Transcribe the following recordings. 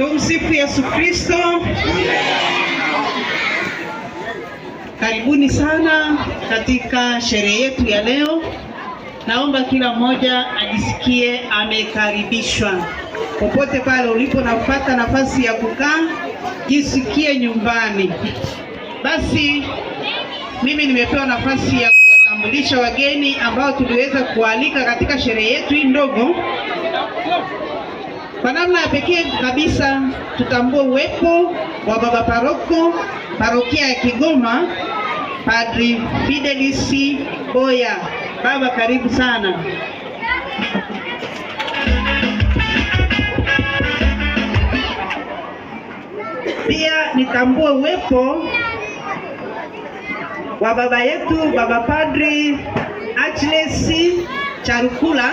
Tumsifu Yesu Kristo. Karibuni sana katika sherehe yetu ya leo. Naomba kila mmoja ajisikie amekaribishwa popote pale ulipo, napata nafasi ya kukaa, jisikie nyumbani. Basi mimi nimepewa nafasi ya kuwatambulisha wageni ambao tuliweza kualika katika sherehe yetu hii ndogo. Kwa namna ya pekee kabisa tutambue uwepo wa baba paroko parokia ya Kigoma, Padri Fidelis Boya. Baba, karibu sana. Pia nitambue uwepo wa baba yetu baba Padri Agnes Charukula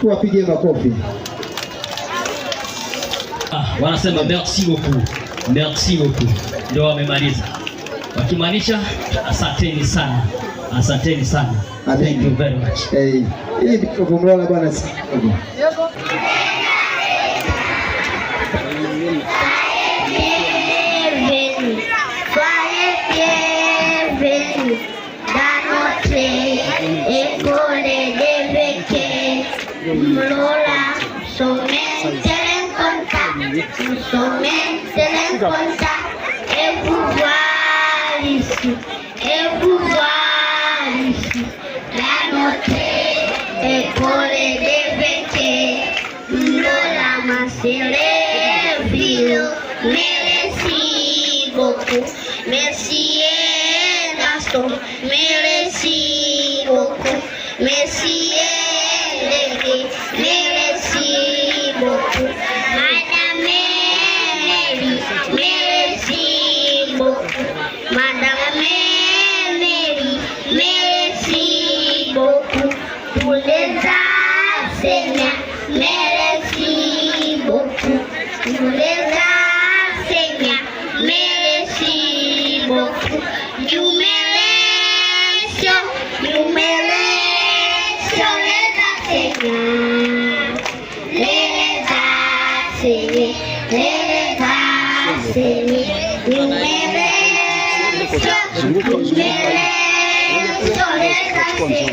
tuwapigie makofi. Ah, wanasema merci beaucoup, merci beaucoup, ndio wamemaliza, wakimaanisha asanteni sana, asanteni sana, thank you very much. Hey, hii bwana Eu vou voar isso, eu vou voar isso, la notte e cuore deve te, non ama se le filo, merci beaucoup, merci Gaston, merci beaucoup, merci natureza seca merecimos de um melecio, de um melecio leza seca, leza seca, leza seca, e o melecio, de um melecio leza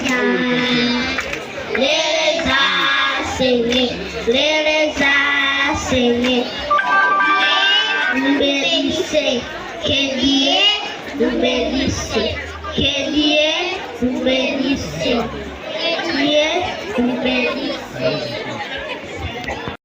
seca, leza seca, leza seca. ডুবে দিছে কে দিয়ে ডুবে দিছে কে দিয়ে ডুবে দিছে কে দিয়ে ডুবে দিছে